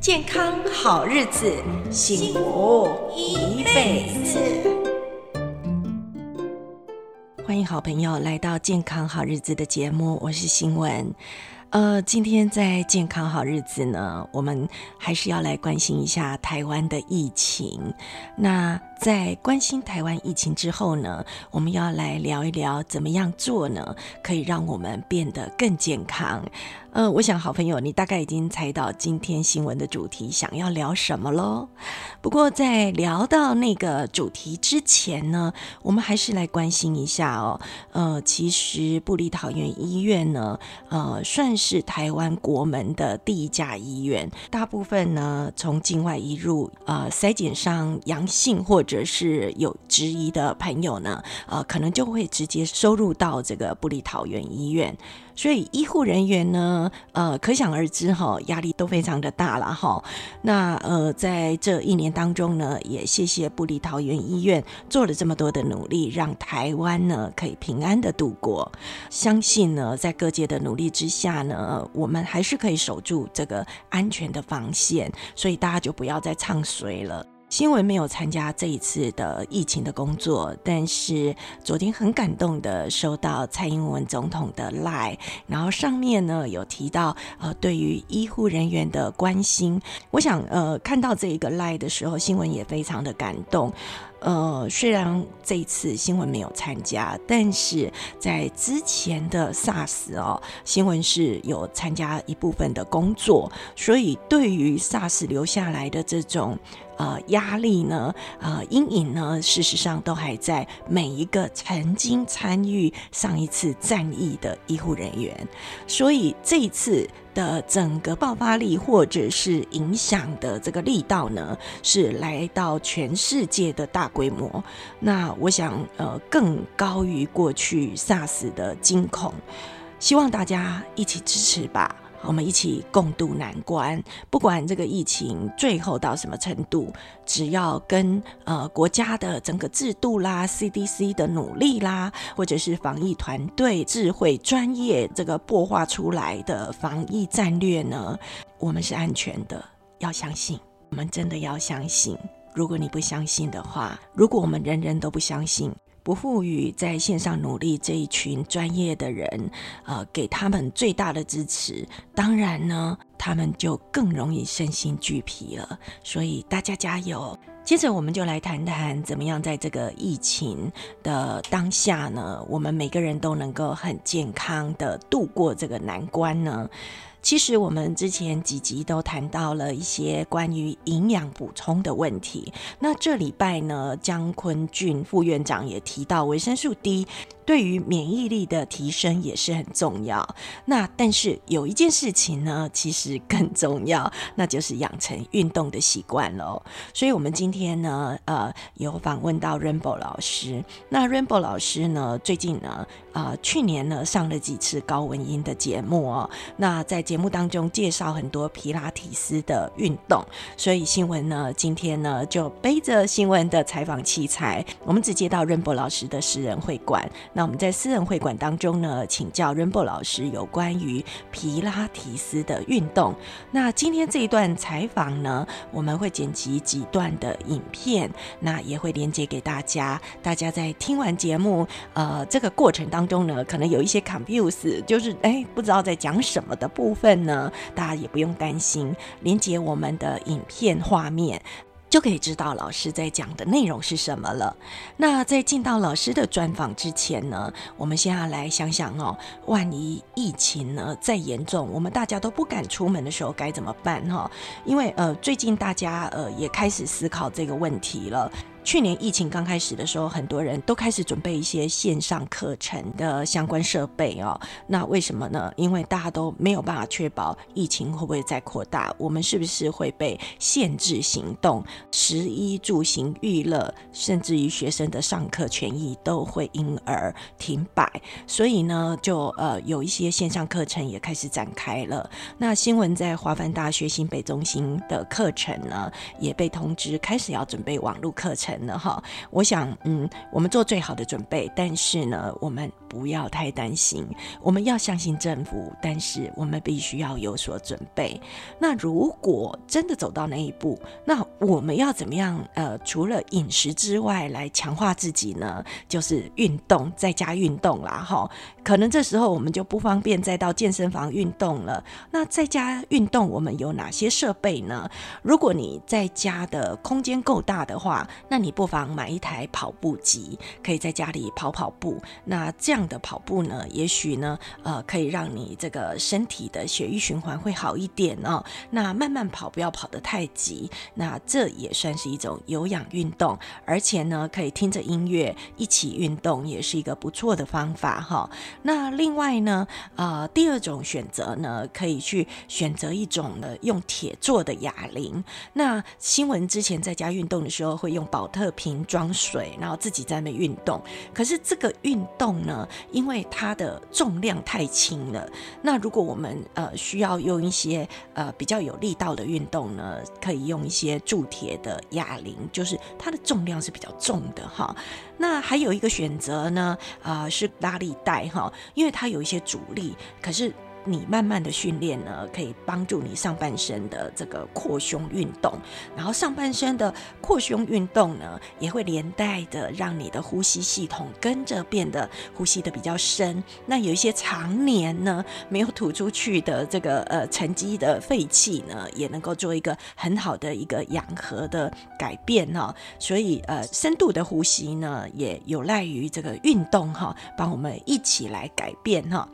健康好日子，幸福一輩子。歡迎好朋友來到《健康好日子》的節目，我是馨文。呃，今天在《健康好日子》呢，我們還是要來關心一下台灣的疫情。那在關心台灣疫情之後呢，我們要來聊一聊怎麼樣做呢，可以讓我們變得更健康。呃，我想，好朋友，你大概已經猜到今天馨文的主題想要聊什麼嘍。不過，在聊到那個主題之前呢，我們還是來關心一下哦。呃，其實部立桃園醫院呢，呃，算是台灣國門的第一家醫院。大部分呢，從境外移入，呃，篩檢上陽性或者是有質疑的朋友呢，呃，可能就會直接收入到這個部立桃園醫院。所以醫護人員呢，呃，可想而知哈，壓力都非常的大了哈。那呃，在這一年當中呢，也謝謝部立桃園醫院做了這麼多的努力，讓台灣呢可以平安的度過。相信呢，在各界的努力之下呢，我們還是可以守住這個安全的防線。所以大家就不要再唱衰了。馨文沒有參加這一次的疫情的工作，但是昨天很感動的收到蔡英文總統的 LINE，然後上面呢有提到呃對於醫護人員的關心，我想呃看到這一個 LINE 的時候，馨文也非常的感動。呃，雖然這一次馨文沒有參加，但是在之前的 SARS 哦，馨文是有參加一部分的工作，所以對於 SARS 留下來的這種呃壓力呢，呃陰影呢，事實上都還在每一個曾經參與上一次戰役的醫護人員，所以這一次。的整個爆發力，或者是影響的這個力道呢，是來到全世界的大規模。那我想，呃，更高於過去 SARS 的驚恐，希望大家一起支持吧。我們一起共度難關。不管這個疫情最後到什麼程度，只要跟呃國家的整個制度啦、CDC 的努力啦，或者是防疫團隊智慧、專業這個破化出來的防疫戰略呢，我們是安全的。要相信，我們真的要相信。如果你不相信的話，如果我們人人都不相信，不賦予在線上努力這一群專業的人，呃，給他們最大的支持。當然呢，他們就更容易身心俱疲了。所以大家加油。接着，我們就來談談，怎麼樣在這個疫情的當下呢，我們每個人都能夠很健康的度過這個難關呢？其實我們之前幾集都談到了一些關於營養補充的問題，那這禮拜呢，江坤俊副院長也提到維生素 D。對於免疫力的提升也是很重要。那但是有一件事情呢，其實更重要，那就是養成運動的習慣嘍。所以我們今天呢，呃，有訪問到 Rainbow 老師。那 Rainbow 老師呢，最近呢，啊、呃，去年呢上了幾次高文音的節目哦。那在節目當中介紹很多皮拉提斯的運動。所以馨文呢，今天呢就背着馨文的採訪器材，我們直接到 Rainbow 老師的私人會館。那我們在私人會館當中呢，請教 Rainbow 老師有關於皮拉提斯的運動。那今天這一段採訪呢，我們會剪輯幾段的影片，那也會連接給大家。大家在聽完節目，呃，這個過程當中呢，可能有一些 confuse，就是哎、欸，不知道在講什麼的部分呢，大家也不用擔心，連接我們的影片畫面。就可以知道老師在講的內容是什麼了。那在進到老師的專訪之前呢，我們先要來想想哦，萬一疫情呢再嚴重，我們大家都不敢出門的時候該怎麼辦哈、哦？因為呃，最近大家呃也開始思考這個問題了。去年疫情剛開始的時候，很多人都開始準備一些線上課程的相關設備哦，那為什麼呢？因為大家都沒有辦法確保疫情會不會再擴大，我們是不是會被限制行動，食衣住行娛樂，甚至於學生的上課權益都會因而停擺。所以呢，就呃有一些線上課程也開始展開了。那馨文在華梵大學新北中心的課程呢，也被通知開始要準備網絡課程。人了哈、哦，我想，嗯，我們做最好的準備，但是呢，我們不要太擔心，我們要相信政府，但是我們必須要有所準備。那如果真的走到那一步，那我們要怎麼樣？呃，除了飲食之外，來強化自己呢？就是運動，在家運動啦，哈、哦。可能這時候我們就不方便再到健身房運動了。那在家運動，我們有哪些設備呢？如果你在家的空間夠大的話，那你不妨買一台跑步機，可以在家裡跑跑步。那這樣的跑步呢，也許呢，呃，可以讓你這個身體的血液循環會好一點哦。那慢慢跑，不要跑得太急。那這也算是一種有氧運動，而且呢，可以聽着音樂一起運動，也是一個不錯的方法哈、哦。那另外呢，呃，第二種選擇呢，可以去選擇一種呢，用鐵做的啞鈴。那馨文之前在家運動的時候會用保。特瓶裝水，然後自己在那運動。可是這個運動呢，因為它的重量太輕了。那如果我們呃需要用一些呃比較有力道的運動呢，可以用一些鑄鐵的啞鈴，就是它的重量是比較重的哈。那還有一個選擇呢，啊，呃，是拉力帶哈，因為它有一些阻力，可是。你慢慢的訓練呢，可以幫助你上半身的這個擴胸運動，然後上半身的擴胸運動呢，也會連帶的讓你的呼吸系統跟着變得呼吸的比較深。那有一些常年呢沒有吐出去的這個呃沉積的廢氣呢，也能夠做一個很好的一個氧合的改變哈、哦。所以呃深度的呼吸呢，也有賴於這個運動哈、哦，幫我們一起來改變哈、哦。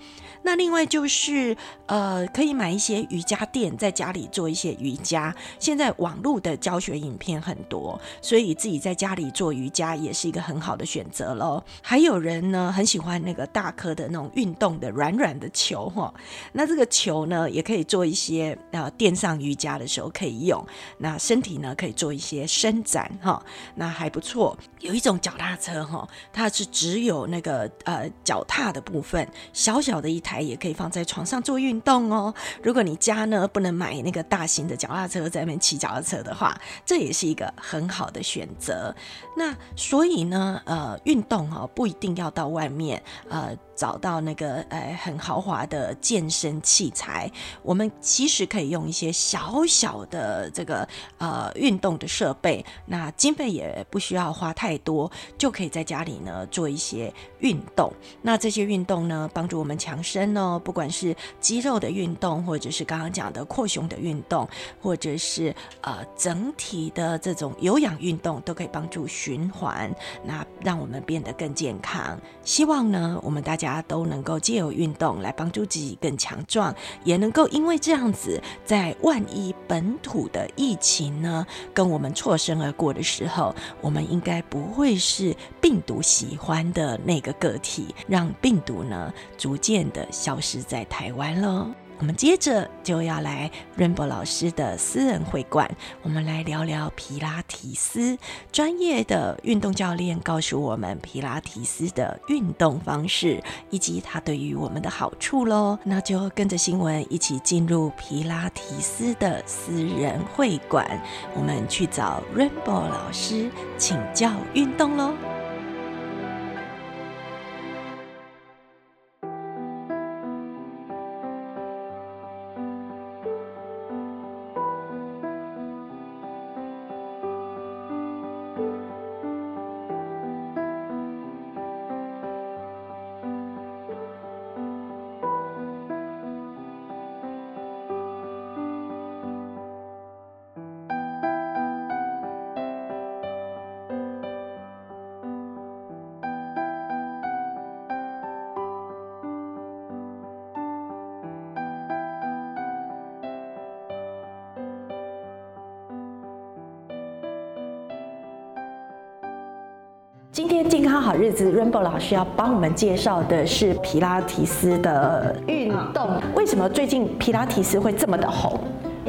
那另外就是，呃，可以買一些瑜伽墊，在家裡做一些瑜伽。現在網路的教學影片很多，所以自己在家裡做瑜伽也是一個很好的選擇咯，還有人呢，很喜歡那個大顆的那種運動的軟軟的球哈。那這個球呢，也可以做一些啊，呃，墊上瑜伽的時候可以用。那身體呢，可以做一些伸展哈。那還不錯，有一種腳踏車哈，它是只有那個呃腳踏的部分，小小的一臺。也可以放在床上做運動哦。如果你家呢，不能買那個大型的腳踏車，在那邊騎腳踏車的話，這也是一個很好的選擇。那所以呢，呃，運動哦，不一定要到外面，呃。找到那個呃、欸、很豪華的健身器材，我們其實可以用一些小小的這個呃運動的設備，那經費也不需要花太多，就可以在家裡呢做一些運動。那這些運動呢，幫助我們強身哦，不管是肌肉的運動，或者是剛剛講的擴胸的運動，或者是呃整體的這種有氧運動，都可以幫助循環，那讓我們變得更健康。希望呢，我們大家。大家都能夠借由運動來幫助自己更強壯，也能夠因為這樣子，在萬一本土的疫情呢，跟我們錯身而過的時候，我們應該不會是病毒喜歡的那個個體，讓病毒呢逐漸的消失在台灣囉。我們接着就要來 Rainbow 老師的私人會館，我們來聊聊皮拉提斯。專業的運動教練告訴我們皮拉提斯的運動方式以及它對於我們的好處嘍。那就跟着馨文一起進入皮拉提斯的私人會館，我們去找 Rainbow 老師請教運動嘍。日子，Rainbow 老師要幫我們介紹的是皮拉提斯的運動。為什麼最近皮拉提斯會這麼的紅？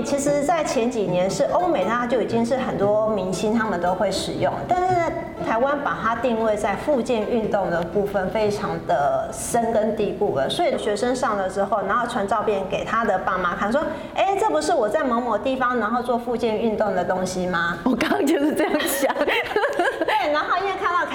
其實，在前幾年是歐美，它就已經是很多明星他們都會使用。但是在台灣，把它定位在復健運動的部分，非常的深根蒂固了。所以學生上了之後，然後傳照片給他的爸媽看，說：“哎、欸，這不是我在某某地方，然後做復健運動的東西嗎？”我剛剛就是這樣想。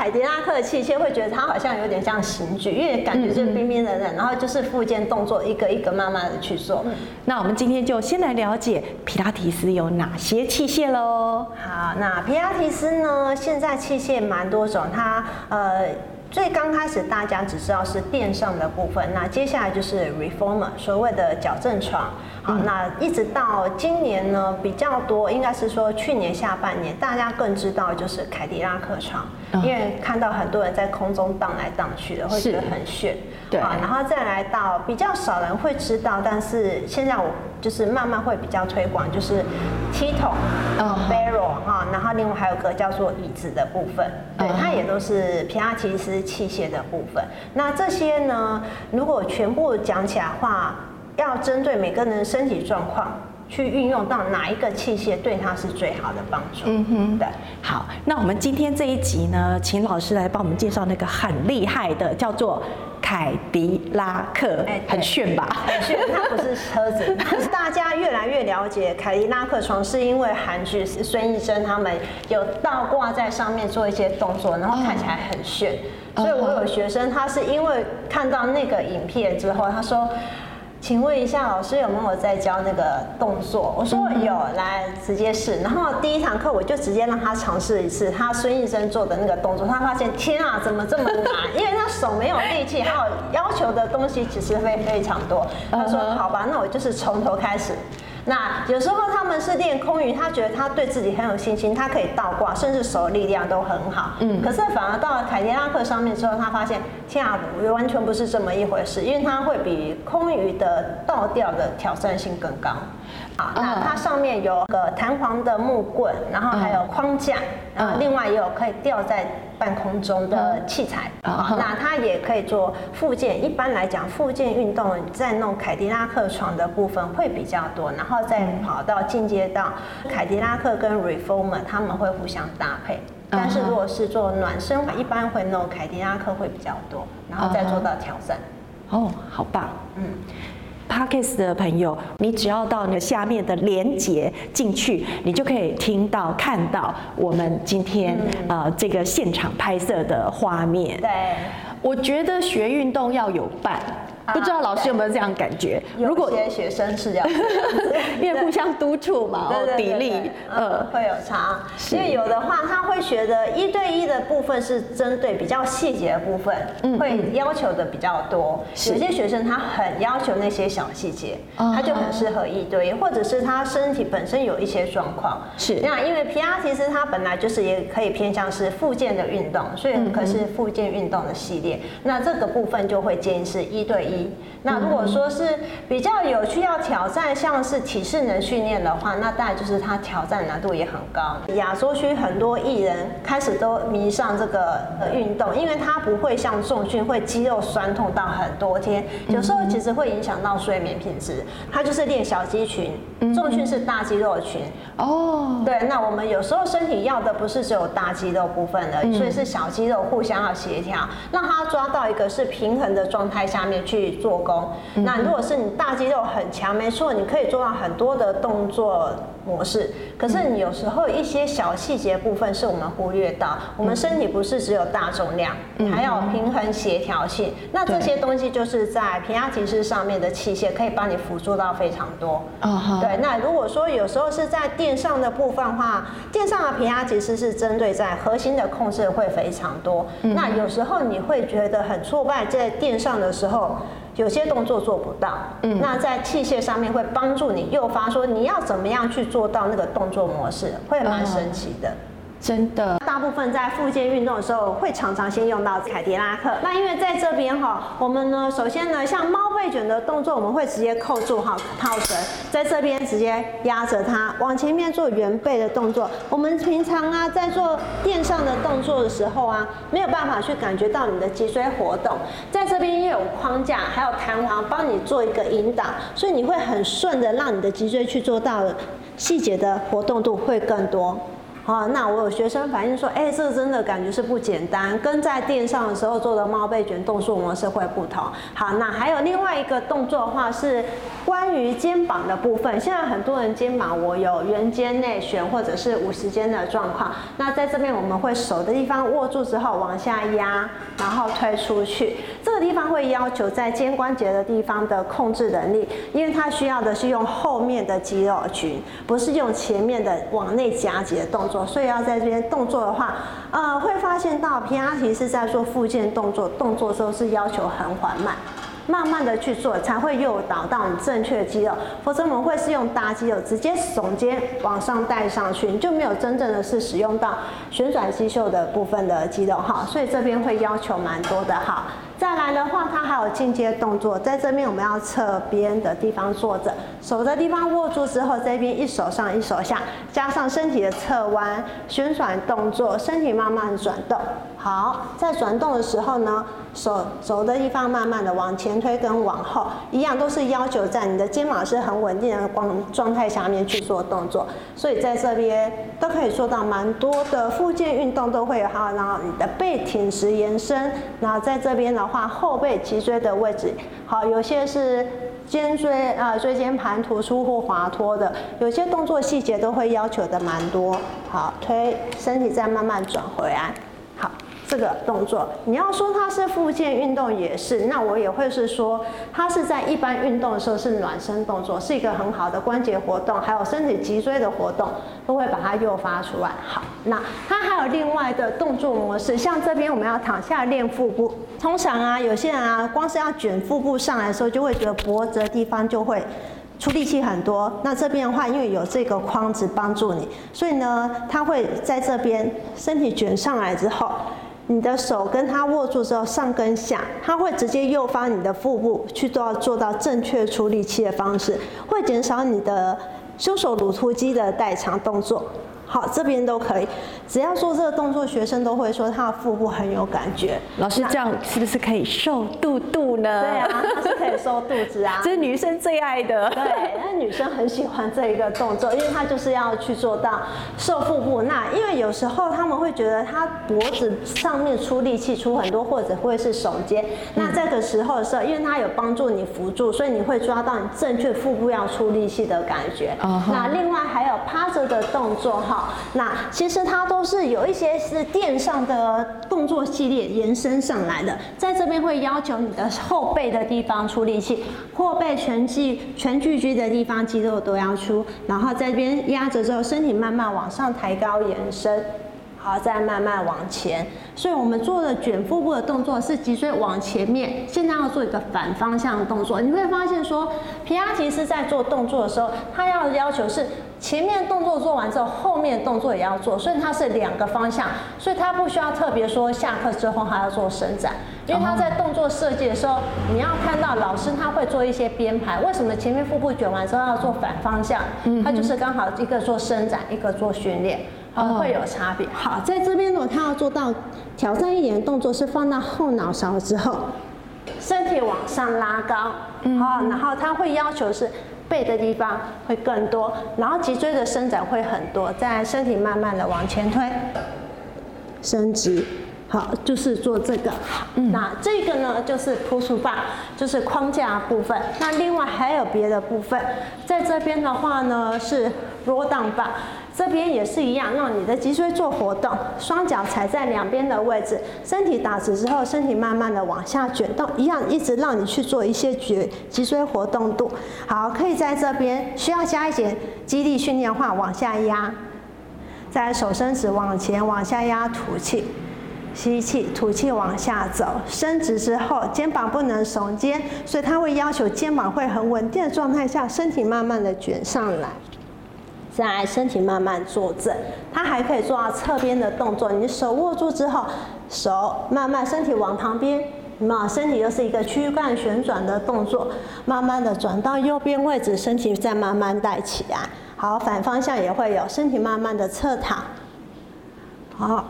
凱迪拉克的器械會覺得它好像有點像刑具，因為感覺就是冰冰冷冷，嗯、然後就是復健動作一個一個慢慢的去做，嗯。那我們今天就先來了解皮拉提斯有哪些器械嘍。好，那皮拉提斯呢，現在器械蠻多種，它呃最剛開始大家只知道是墊上的部分，那接下來就是 reformer，所謂的矯正床。好，那一直到今年呢，比較多應該是說去年下半年，大家更知道就是凱迪拉克床，oh. 因為看到很多人在空中盪來盪去的，會覺得很炫。對、哦。然後再來到比較少人會知道，但是現在我就是慢慢會比較推廣，就是梯桶，oh. barrel 哈、哦，然後另外還有一個叫做椅子的部分，oh. 對，它也都是皮拉提斯器械的部分。那這些呢，如果全部講起來的話。要針對每個人的身體狀況去運用到哪一個器械，對他是最好的幫助。嗯哼，對。好，那我們今天這一集呢，請老師來幫我們介紹那個很厲害的，叫做凱迪拉克，欸、很炫吧？很、欸、炫，它不是車子。 大家越來越了解凱迪拉克床，是因為韓劇孫藝珍他們有倒掛在上面做一些動作，然後看起來很炫。哦、所以我有學生，他是因為看到那個影片之後，他說。請問一下，老師有沒有在教那個動作？我說我有，嗯、哼來直接試。然後第一堂課我就直接讓他嘗試一次，他孫醫生做的那個動作，他發現天啊，怎麼這麼難？ 因為他手沒有力氣，還有要求的東西其實會非常多。他說、嗯、哼好吧，那我就是從頭開始。那有時候他們是練空魚，他覺得他對自己很有信心，他可以倒掛，甚至手的力量都很好。嗯，可是反而到了凱迪拉克上面之後，他發現天啊，完全不是這麼一回事，因為他會比空魚的倒吊的挑戰性更高。啊，那它上面有個彈簧的木棍，然後還有框架，然後另外也有可以吊在半空中的器材，那它也可以做復健。一般來講，復健運動在弄凱迪拉克床的部分會比較多，然後再跑到進階到凱迪拉克跟 Reformer，他們會互相搭配。但是如果是做暖身，一般會弄凱迪拉克會比較多，然後再做到挑戰。哦，oh, 好棒，嗯。Podcast 的朋友，你只要到你下面的連接進去，你就可以聽到看到我們今天啊、嗯呃、這個現場拍攝的畫面。對，我覺得學運動要有伴。不知道老師有沒有這樣感覺？如果有些學生是這樣，因為互相督促嘛。對比例呃，會有差，因為有的話他會覺得一對一的部分是針對比較細節的部分，會要求的比較多。有些學生他很要求那些小細節，他就很適合一對一，或者是他身體本身有一些狀況。是。那因為皮拉提斯其實他本來就是也可以偏向是復健的運動，所以可是復健運動的系列，那這個部分就會建議是一對一。那如果說是比較有趣、要挑戰，像是體適能訓練的話，那大概就是它挑戰難度也很高。亞洲區很多藝人開始都迷上這個運動，因為它不會像重訓會肌肉痠痛到很多天，有時候其實會影響到睡眠品質。它就是練小肌群。重訓是大肌肉群哦，嗯、對，那我們有時候身體要的不是只有大肌肉部分的，嗯、所以是小肌肉互相要協調，讓它抓到一個是平衡的狀態下面去做功。嗯、那如果是你大肌肉很強，沒錯，你可以做到很多的動作模式。可是你有時候一些小細節部分是我們忽略到，嗯、我們身體不是只有大重量，嗯、還要有平衡協調性。嗯、那這些東西就是在皮拉提斯上面的器械可以幫你輔助到非常多。啊哈，對。那如果說有時候是在墊上的部分的話，墊上的 p 壓其實是針對在核心的控制會非常多。嗯、哼那有時候你會覺得很挫敗，在墊上的時候有些動作做不到。嗯、那在器械上面會幫助你誘發，說你要怎麼樣去做到那個動作模式，會蠻神奇的。哦。真的，大部分在腹肌運動的時候，會常常先用到凱迪拉克。那因為在這邊哈，我們呢，首先呢，像貓背捲的動作，我們會直接扣住哈套繩，在這邊直接壓着它，往前面做圓背的動作。我們平常啊，在做墊上的動作的時候啊，沒有辦法去感覺到你的脊椎活動，在這邊又有框架，還有彈簧幫你做一個引導，所以你會很順的，讓你的脊椎去做到細節的活動度會更多。好，那我有學生反映說，哎，欸，這個、真的感覺是不簡單，跟在墊上的時候做的貓背卷動作模式會不同。好，那還有另外一個動作的話是關於肩膀的部分，現在很多人肩膀我有圓肩、內旋或者是五十肩的狀況。那在這邊我們會手的地方握住之後往下壓，然後推出去。這個地方會要求在肩關節的地方的控制能力，因為它需要的是用後面的肌肉群，不是用前面的往內夾緊的動作。所以要在這邊動作的話，呃，會發現到皮拉提斯是在做復健動作，動作時候是要求很緩慢，慢慢的去做才會誘導到你正確的肌肉，否則我們會是用大肌肉直接聳肩往上帶上去，你就沒有真正的是使用到旋轉肌袖的部分的肌肉哈，所以這邊會要求蠻多的哈。好再來的話，它還有進階動作，在這邊我們要側邊的地方坐着，手的地方握住之後，這邊一,一手上一手下，加上身體的側彎旋轉動作，身體慢慢轉動。好，在轉動的時候呢，手肘的地方慢慢的往前推，跟往後一樣，都是要求在你的肩膀是很穩定的狀狀態下面去做動作。所以在這邊都可以做到蠻多的附件運動都會有它，然後你的背挺直延伸。然後在這邊的話，後背脊椎的位置，好，有些是肩椎啊、椎間盤突出或滑脫的，有些動作細節都會要求的蠻多。好，推身體再慢慢轉回來。這個動作，你要說它是復健運動也是，那我也會是說，它是在一般運動的時候是暖身動作，是一個很好的關節活動，還有身體脊椎的活動都會把它誘發出來。好，那它還有另外的動作模式，像這邊我們要躺下練腹部，通常啊有些人啊光是要卷腹部上來的時候，就會覺得脖子的地方就會出力氣很多。那這邊的話，因為有這個框子幫助你，所以呢它會在這邊身體卷上來之後。你的手跟它握住之後，上跟下，它會直接誘發你的腹部去做，做到正確處理器的方式，會減少你的胸鎖乳突肌的代償動作。好，這邊都可以。只要做這個動作，學生都會說他的腹部很有感覺。老師那這樣是不是可以瘦肚肚呢？對啊，他是可以瘦肚子啊，這 是女生最愛的。對，那女生很喜歡這一個動作，因為她就是要去做到瘦腹部。那因為有時候她們會覺得她脖子上面出力氣出很多，或者會是聳肩。那在這個時候的時候，嗯、因為他有幫助你輔助，所以你會抓到你正確腹部要出力氣的感覺。Uh huh. 那另外還有趴着的動作哈，那其實他都。都是有一些是墊上的動作系列延伸上來的，在這邊會要求你的後背的地方出力氣。後背全距全距居的地方肌肉都要出，然後在這邊壓着之後，身體慢慢往上抬高延伸。好，再慢慢往前。所以，我們做的捲腹部的動作是脊椎往前面。現在要做一個反方向的動作，你會發現說，皮拉提斯在做動作的時候，他要要求是前面動作做完之後，後面動作也要做，所以它是兩個方向，所以他不需要特別說下課之後還要做伸展，因為他在動作設計的時候，uh huh. 你要看到老師他會做一些編排。為什麼前面腹部捲完之後要做反方向？他就是剛好一個做伸展，一個做訓練。會有差別。好，在這邊，呢他要做到挑戰一點的動作，是放到後腦勺之後，身體往上拉高，嗯嗯好，然後他會要求是背的地方會更多，然後脊椎的伸展會很多，在身體慢慢的往前推，伸直，好，就是做這個。嗯、那這個呢，就是 push bar 就是框架部分。那另外還有別的部分，在這邊的話呢，是 roll down bar 這邊也是一樣，讓你的脊椎做活動，雙腳踩在兩邊的位置，身體打直之後，身體慢慢的往下捲動，一樣一直讓你去做一些捲脊椎活動度。好，可以在這邊需要加一點肌力訓練化，話，往下壓，在手伸直往前往下壓，吐氣，吸氣，吐氣往下走，伸直之後肩膀不能聳肩，所以它會要求肩膀會很穩定的狀態下，身體慢慢的捲上來。在身體慢慢坐正，它還可以做到側邊的動作。你手握住之後，手慢慢身體往旁邊，好，身體又是一個軀幹旋轉的動作，慢慢的轉到右邊位置，身體再慢慢帶起來。好，反方向也會有，身體慢慢的側躺，好。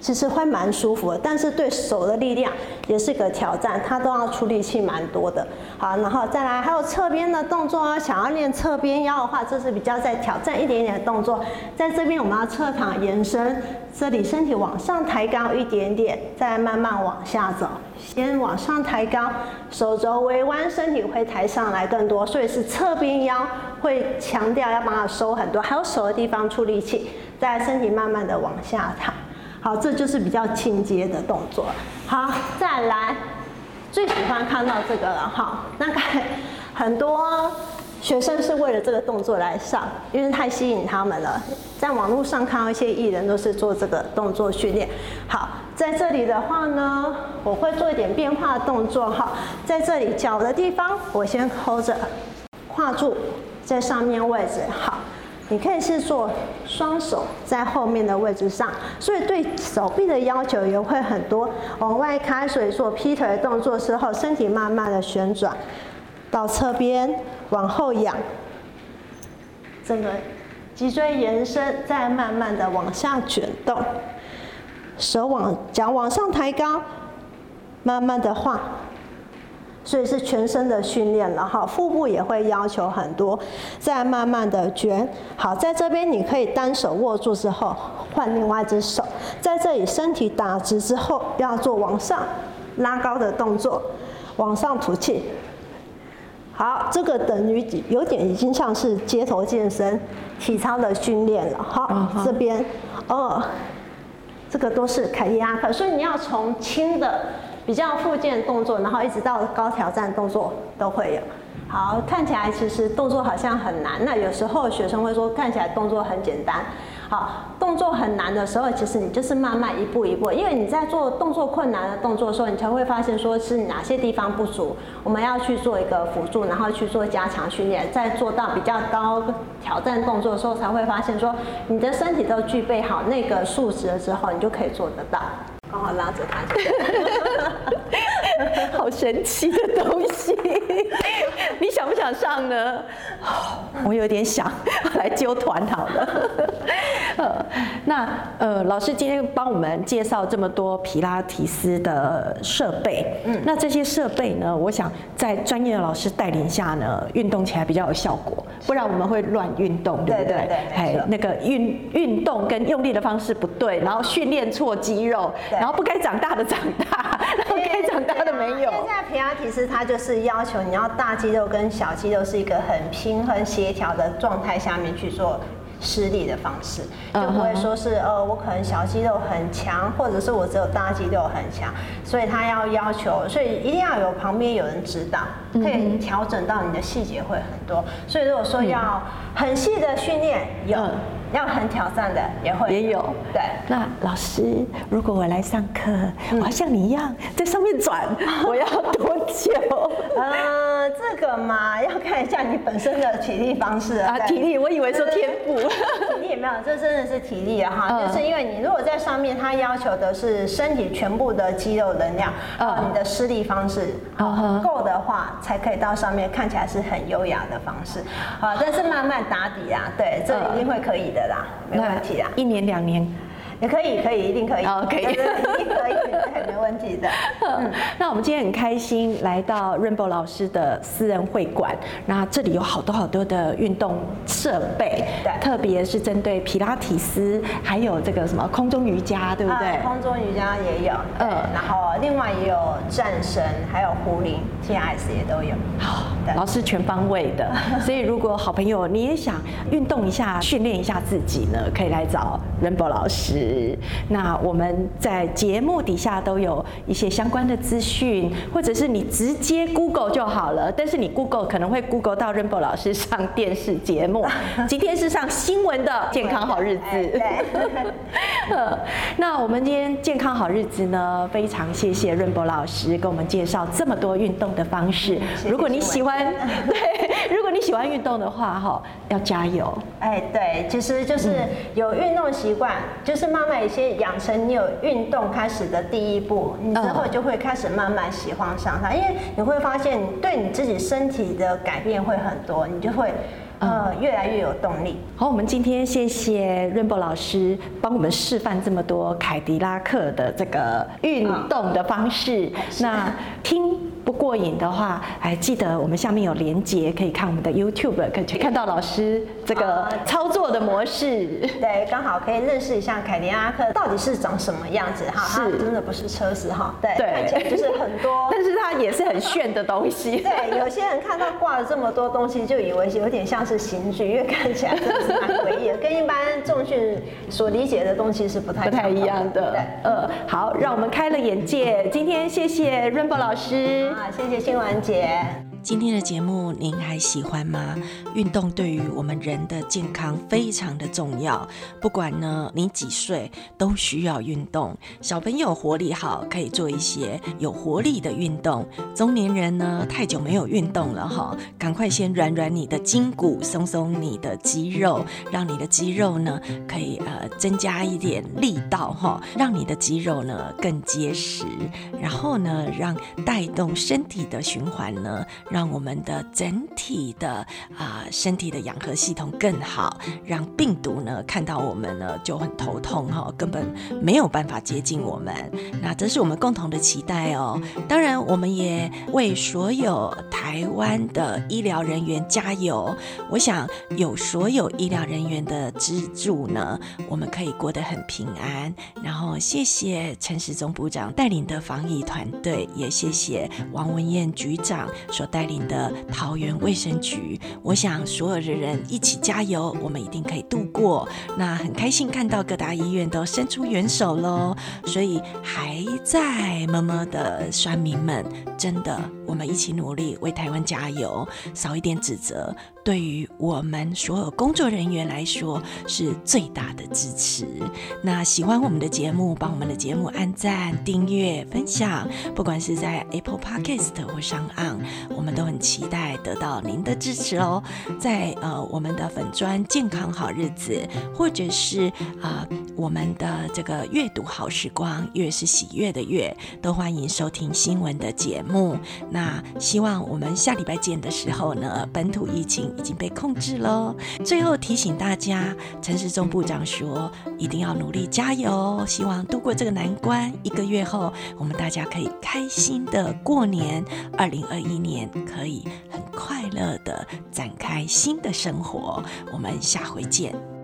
其實會蠻舒服的，但是對手的力量也是個挑戰，它都要出力氣蠻多的。好，然後再來，還有側邊的動作哦。想要練側邊腰的話，這是比較在挑戰一點點的動作。在這邊我們要側躺延伸，這裡身體往上抬高一點點，再慢慢往下走。先往上抬高，手肘微彎，身體會抬上來更多，所以是側邊腰會強調要把它收很多，還有手的地方出力氣，在身體慢慢的往下躺。好，這就是比較清潔的動作。好，再來，最喜歡看到這個了哈。那個很多學生是為了這個動作來上，因為太吸引他們了。在網絡上看到一些藝人都是做這個動作訓練。好，在這裡的話呢，我會做一點變化動作哈。在這裡腳的地方，我先 hold 着，跨住，在上面位置。好。你可以是做雙手在後面的位置上，所以對手臂的要求也會很多，往外開。所以做劈腿的動作時候，身體慢慢的旋轉到側邊，往後仰，整個脊椎延伸，再慢慢的往下卷動，手往腳往上抬高，慢慢的畫。所以是全身的訓練了哈，腹部也會要求很多，再慢慢的捲好，在這邊你可以單手握住之後換另外一隻手，在這裡身體打直之後要做往上拉高的動作，往上吐氣，好，這個等於有點已經像是街頭健身體操的訓練了哈，好 uh huh. 這邊，哦，這個都是凱迪拉克，所以你要從輕的。比較復健動作，然後一直到高挑戰動作都會有。好，看起來其實動作好像很難。那有時候學生會說，看起來動作很簡單。好，動作很難的時候，其實你就是慢慢一步一步，因為你在做動作困難的動作的時候，你才會發現說是哪些地方不足。我們要去做一個輔助，然後去做加強訓練。在做到比較高挑戰動作的時候，才會發現說你的身體都具備好那個素質的時候，你就可以做得到。剛好拉着他。 好神奇的東西， 你想不想上呢？我有點想，來揪團好了。 那呃，老師今天幫我們介紹這麼多皮拉提斯的設備，嗯，那這些設備呢，我想在專業的老師帶領下呢，運動起來比較有效果，不然我們會亂運動，啊、對不對？對，對對。哎嘿，事那個運運動跟用力的方式不對，然後訓練錯肌肉，然後不該長大的長大。對 長大的沒有、啊。現在皮拉提斯他就是要求你要大肌肉跟小肌肉是一個很平衡協調的狀態下面去做施力的方式，就不會說是、uh huh. 呃我可能小肌肉很強，或者是我只有大肌肉很強，所以他要要求，所以一定要有旁邊有人指導，可以調整到你的細節會很多。所以如果說要很細的訓練，有。Uh huh. 要很挑戰的也會有，也有，對。那老師，如果我來上課，我要像你一樣在上面轉，嗯、我要多久？啊？ 這個嘛，要看一下你本身的體力方式啊。體力，我以為說天賦。體力也沒有，這真的是體力啊！哈，嗯、就是因為你如果在上面，它要求的是身體全部的肌肉能量，然後、嗯、你的施力方式啊、哦、呵夠的話，才可以到上面，看起來是很優雅的方式。好，但是慢慢打底啊，對，這一定會可以的啦，嗯、沒問題啊，一年兩年。也可以，可以，一定可以。哦，可以，一定可以， 沒問題的。嗯、那我們今天很開心來到 Rainbow 老師的私人會館，那這裡有好多好多的運動設備。對，對，特別是針對皮拉提斯，還有這個什麼空中瑜伽，對不對？空中瑜伽也有，嗯，然後另外也有戰神，還有胡林 T i S 也都有，好，對老師全方位的，所以如果好朋友你也想運動一下，訓練 一下自己呢，可以來找 Rainbow 老師。那我們在節目底下都有一些相關的資訊，或者是你直接 Google 就好了。但是你 Google 可能會 Google 到 Rainbow 老師上電視節目。今天是上新聞的健康好日子。對，對對 那我們今天健康好日子呢，非常謝謝 Rainbow 老師給我們介紹這麼多運動的方式。謝謝，如果你喜歡，對， 如果你喜歡運動的話，哈，要加油。哎，對，其實就是有運動習慣，就是慢。慢慢一些，養成你有運動開始的第一步，你之後就會開始慢慢喜歡上它，因為你會發現對你自己身體的改變會很多，你就會呃越來越有動力。嗯。好，我們今天謝謝 Rainbow 老師幫我們示範這麼多凱迪拉克的這個運動的方式，嗯啊。那聽。不過癮的話，還記得我們下面有連結，可以看我們的 YouTube，可以看到老師這個操作的模式。嗯、對，剛好可以認識一下凱迪拉克到底是長什麼樣子哈，是它真的不是車子哈，對，對，看起來就是很多，但是它也是很炫的東西。 對，有些人看他掛了這麼多東西，就以為有點像是刑具，因為看起來真的是蠻詭異的，跟一般重訓所理解的東西是不太、不太一樣的。對，呃、嗯，好，讓我們開了眼界。今天謝謝 Rainbow 老師。謝謝馨文姐。今天的節目您還喜歡嗎？運動對於我們人的健康非常的重要，不管呢你幾歲都需要運動。小朋友活力好，可以做一些有活力的運動。中年人呢太久沒有運動了哈，趕快先軟軟你的筋骨，鬆鬆你的肌肉，讓你的肌肉呢可以呃增加一點力道哈，讓你的肌肉呢更結實，然後呢讓帶動身體的循環呢。讓我們的整體的啊、呃、身體的養和系統更好，讓病毒呢看到我們呢就很頭痛哈、哦，根本沒有辦法接近我們。那這是我們共同的期待哦。當然，我們也為所有台灣的醫療人員加油。我想有所有醫療人員的支柱呢，我們可以過得很平安。然後，謝謝陳時中部長帶領的防疫團隊，也謝謝王文彥局長所帶。帶領的桃園衛生局，我想所有的人一起加油，我們一定可以度過。那很開心看到各大醫院都伸出援手嘍，所以還在麼麼的酸民們，真的。我們一起努力為台灣加油，少一點指責，對於我們所有工作人員來說是最大的支持。那喜歡我們的節目，幫我們的節目按讚、訂閱、分享，不管是在 Apple Podcast 或上岸，我們都很期待得到您的支持哦。在呃我們的粉專健康好日子，或者是啊、呃、我們的這個閱讀好時光，悅是喜悅的悅，都歡迎收聽馨文的節目。那。那希望我們下禮拜見的時候呢，本土疫情已經被控製了。最後提醒大家，陳時中部長說，一定要努力加油，希望度過這個難關。一個月後，我們大家可以開心的過年，二零二一年可以很快樂的展開新的生活。我們下回見。